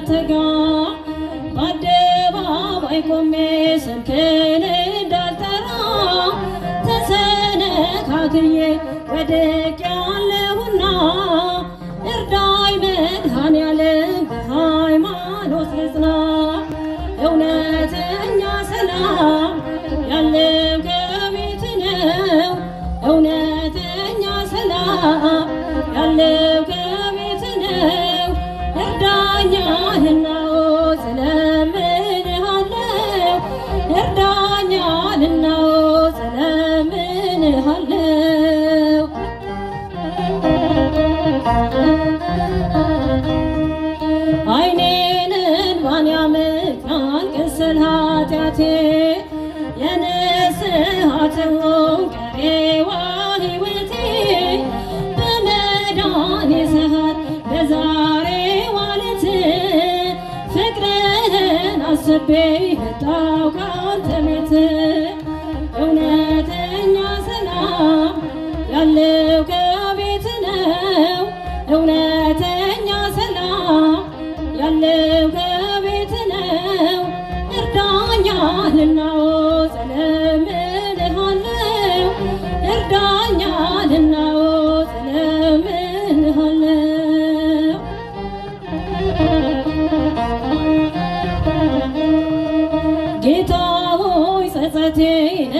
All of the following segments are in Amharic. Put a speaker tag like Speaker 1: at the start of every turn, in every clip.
Speaker 1: እንዳልተጋ በአደባባይ ቆሜ ስምህን እንዳልጠራ ተሰነካክዬ ወድቄያለሁና እርዳይ መድኃኔዓለም በሃይማኖት ልጽና እውነተኛ ሰላም ያለው ከቤት ነው እውነተኛ ሰላም ያለው ከቤት ነው እርዳኛልና ስለምንሃለው እርዳኛልና ስለምንሃለው አይኔንን ባንያምት አንቅስል ኃጢአቴ አስቤ የመጣው ካንተ ቤት እውነተኛ ሰላም ያለው ከቤት ነው።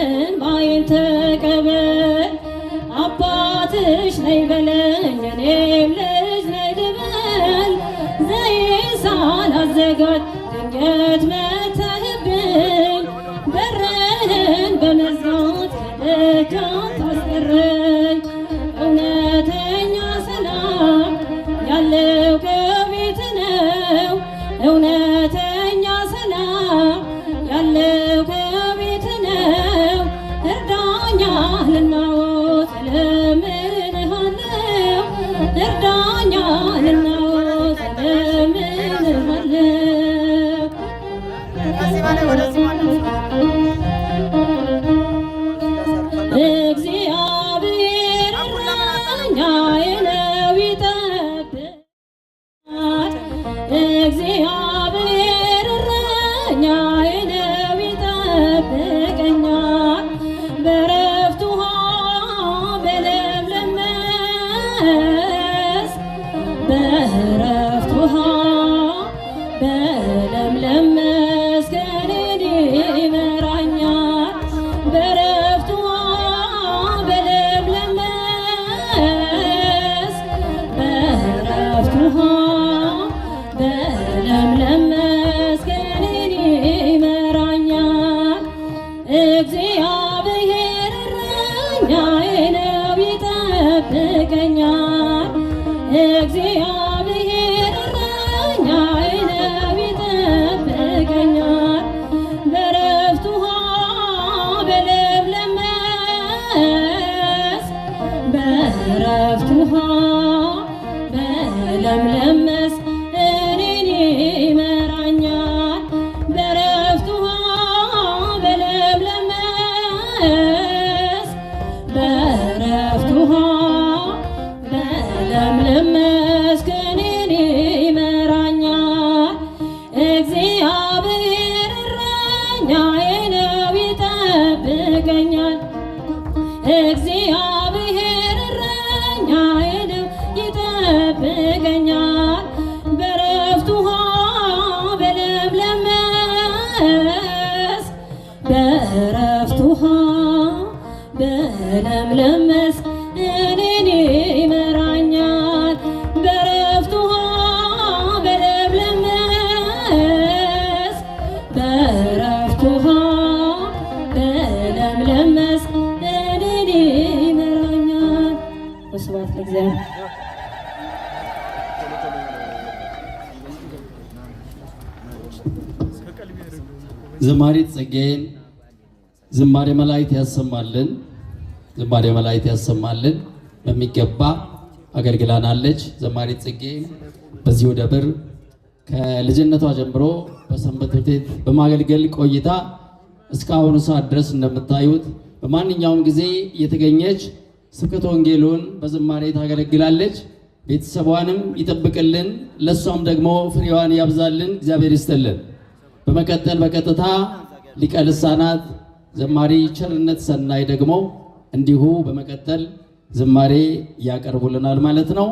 Speaker 1: እንባዬን ተቀበል አባትሽ ነይ በለኝ እኔም ልጅ ነይ ልበል ዘይ ሳላዘጋጅ እግዚአብሔር
Speaker 2: ዘማሪት ጸጋዬን ዝማሬ መላእክት ያሰማልን፣ ዝማሬ መላእክት ያሰማልን። በሚገባ አገልግላናለች። ዘማሪት ጽጌ በዚሁ ደብር ከልጅነቷ ጀምሮ በሰንበት ቤት በማገልገል ቆይታ እስካሁኑ ሰዓት ድረስ እንደምታዩት በማንኛውም ጊዜ እየተገኘች ስብከተ ወንጌሉን በዝማሬ ታገለግላለች። ቤተሰቧንም ይጠብቅልን፣ ለእሷም ደግሞ ፍሬዋን ያብዛልን። እግዚአብሔር ይስጥልን። በመቀጠል በቀጥታ ሊቀ ልሳናት ዘማሪ ቸርነት ሰናይ ደግሞ እንዲሁ በመቀጠል ዝማሬ ያቀርቡልናል ማለት ነው።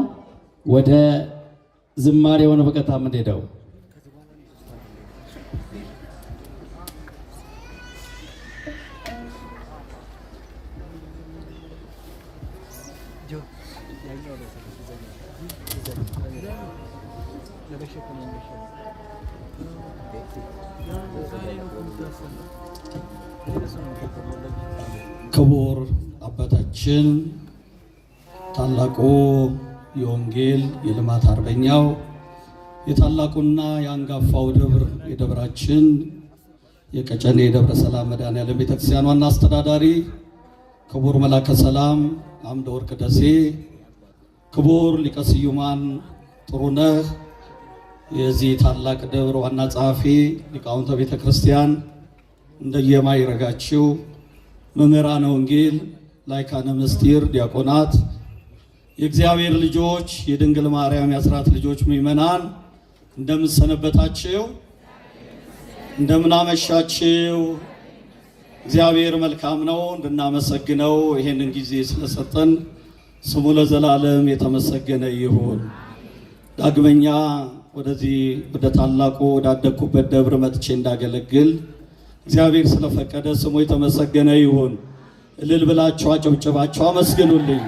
Speaker 2: ወደ ዝማሬ የሆነ በቀጥታ የምንሄደው ክቡር አባታችን ታላቁ የወንጌል የልማት አርበኛው የታላቁና የአንጋፋው ደብር የደብራችን የቀጨኔ የደብረ ሰላም መድኃኔዓለም ቤተክርስቲያን ዋና አስተዳዳሪ ክቡር መላከ ሰላም አምደ ወርቅ ደሴ፣ ክቡር ሊቀ ስዩማን ጥሩነህ የዚህ ታላቅ ደብር ዋና ጸሐፊ ሊቃውንተ ቤተክርስቲያን እንደየማይረጋችው መምህራነ ወንጌል፣ ላይካነ ምስጢር፣ ዲያቆናት፣ የእግዚአብሔር ልጆች፣ የድንግል ማርያም የአስራት ልጆች ምእመናን እንደምን እንደምናመሻችው እግዚአብሔር መልካም ነው፣ እንድናመሰግነው ይሄንን ጊዜ ስለሰጠን ስሙ ለዘላለም የተመሰገነ ይሁን። ዳግመኛ ወደዚህ ወደ ታላቁ ወዳደግኩበት ደብር መጥቼ እንዳገለግል እግዚአብሔር ስለፈቀደ ስሙ የተመሰገነ ይሁን። እልል ብላችሁ አጨብጭባችሁ አመስግኑልኝ።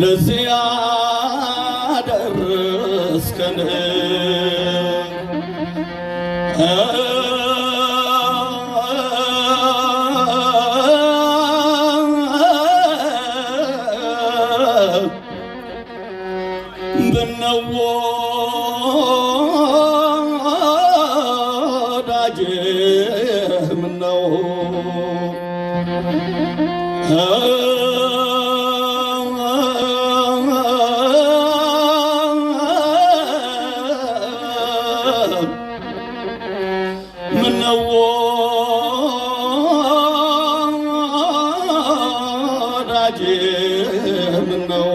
Speaker 2: ለዚህ ያደረስከን ብነው ምነው ወዳጅ ምነው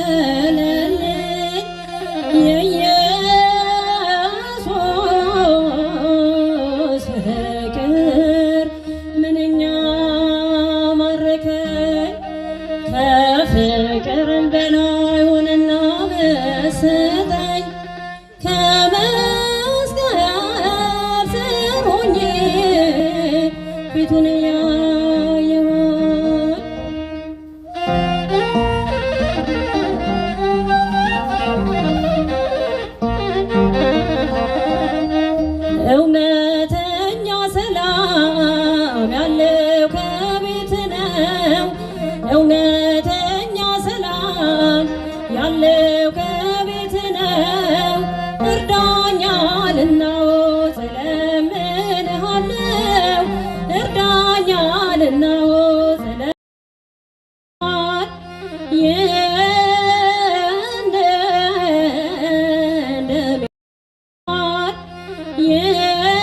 Speaker 1: ከመስቀል እውነተኛ ሰላም ያለው 耶。